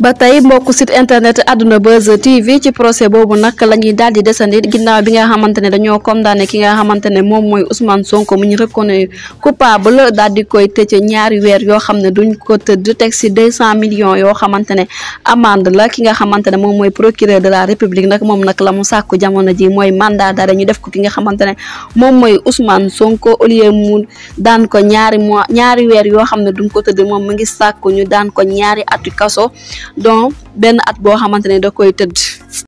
ba tey mbokk site internet Adouna Buzz TV ci procès boobu nag la ñuy daal di desandi ginnaaw bi nga xamante ne dañoo condamné ki nga xamante ne moom mooy Ousmane Sonko mu ñu reconnu coupable daal di koy tëj ñaari yoo xam ne duñ ko tëdd teg si deux cent millions yoo xamante ne amende la ki nga xamante ne moom mooy procureur de la république nag moom nag la mu sàkku jamono ji mooy mandat d'arrêt ñu def ko ki nga xamante ne moom mooy Ousmane Sonko au mu daan ko ñaari mois ñaari weer yoo xam ne duñ ko tëdd moom mu ngi sàkku ñu daan ko ñaari atu kaso donc benn at boo xamante ne da koy tëdd